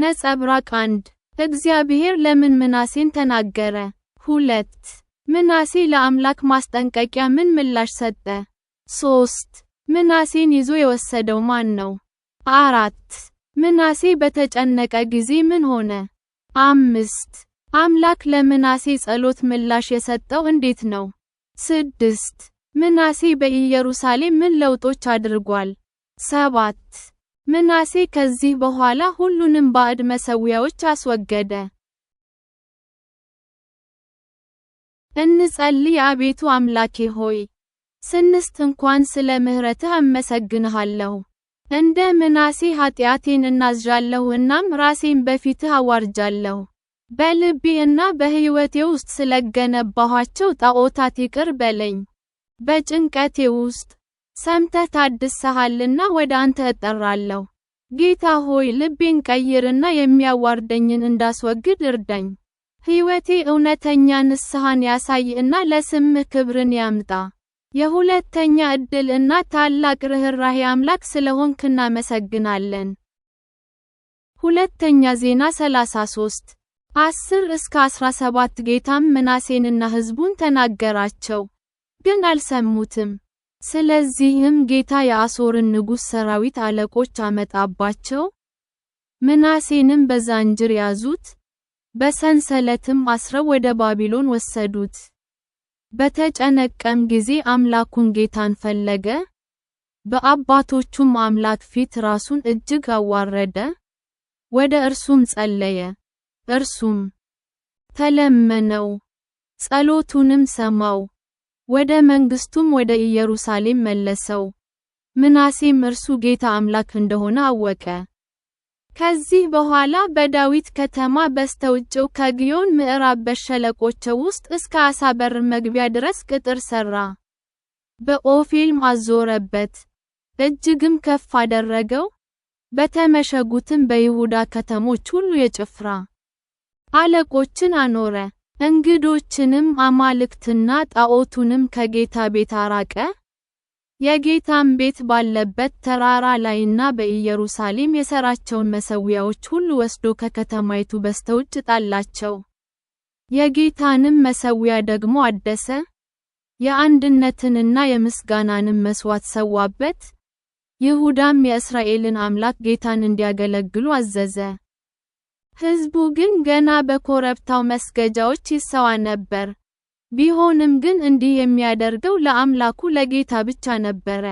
ነጸብራቅ እግዚአብሔር ለምን ምናሴን ተናገረ? ሁለት ምናሴ ለአምላክ ማስጠንቀቂያ ምን ምላሽ ሰጠ? ሶስት ምናሴን ይዞ የወሰደው ማን ነው? አራት ምናሴ በተጨነቀ ጊዜ ምን ሆነ? አምስት አምላክ ለምናሴ ጸሎት ምላሽ የሰጠው እንዴት ነው? ስድስት ምናሴ በኢየሩሳሌም ምን ለውጦች አድርጓል? ሰባት ምናሴ ከዚህ በኋላ ሁሉንም ባዕድ መሠዊያዎች አስወገደ። እንጸልይ። አቤቱ አምላኬ ሆይ፣ ስንስት እንኳን ስለ ምሕረትህ አመሰግንሃለሁ። እንደ ምናሴ ኃጢአቴን እናዝዣለሁ እናም ራሴን በፊትህ አዋርጃለሁ። በልቤ እና በሕይወቴ ውስጥ ስለገነባኋቸው ጣዖታት ይቅር በለኝ። በጭንቀቴ ውስጥ ሰምተህ ታድስሃልና ወደ አንተ እጠራለሁ። ጌታ ሆይ ልቤን ቀይርና የሚያዋርደኝን እንዳስወግድ እርዳኝ። ሕይወቴ እውነተኛ ንስሐን ያሳይ እና ለስምህ ክብርን ያምጣ። የሁለተኛ ዕድል እና ታላቅ ርኅራኄ አምላክ ስለሆንክ እናመሰግናለን። ሁለተኛ ዜና 33 10 እስከ 17 ጌታም ምናሴንና ሕዝቡን ተናገራቸው፣ ግን አልሰሙትም። ስለዚህም ጌታ የአሦርን ንጉሥ ሰራዊት አለቆች አመጣባቸው፣ ምናሴንም በዛንጅር ያዙት፣ በሰንሰለትም አስረው ወደ ባቢሎን ወሰዱት። በተጨነቀም ጊዜ አምላኩን ጌታን ፈለገ፣ በአባቶቹም አምላክ ፊት ራሱን እጅግ አዋረደ፣ ወደ እርሱም ጸለየ፣ እርሱም ተለመነው፣ ጸሎቱንም ሰማው። ወደ መንግስቱም ወደ ኢየሩሳሌም መለሰው። ምናሴም እርሱ ጌታ አምላክ እንደሆነ አወቀ። ከዚህ በኋላ በዳዊት ከተማ በስተውጭው ከግዮን ምዕራብ በሸለቆቸው ውስጥ እስከ አሳ በር መግቢያ ድረስ ቅጥር ሠራ። በኦፌልም አዞረበት፣ እጅግም ከፍ አደረገው። በተመሸጉትም በይሁዳ ከተሞች ሁሉ የጭፍራ አለቆችን አኖረ። እንግዶችንም አማልክትና ጣዖቱንም ከጌታ ቤት አራቀ፣ የጌታም ቤት ባለበት ተራራ ላይና በኢየሩሳሌም የሰራቸውን መሠዊያዎች ሁሉ ወስዶ ከከተማይቱ በስተውጭ ጣላቸው። የጌታንም መሠዊያ ደግሞ አደሰ፣ የአንድነትንና የምስጋናንም መሥዋዕት ሰዋበት። ይሁዳም የእስራኤልን አምላክ ጌታን እንዲያገለግሉ አዘዘ። ሕዝቡ ግን ገና በኮረብታው መስገጃዎች ይሰዋ ነበር። ቢሆንም ግን እንዲህ የሚያደርገው ለአምላኩ ለጌታ ብቻ ነበረ።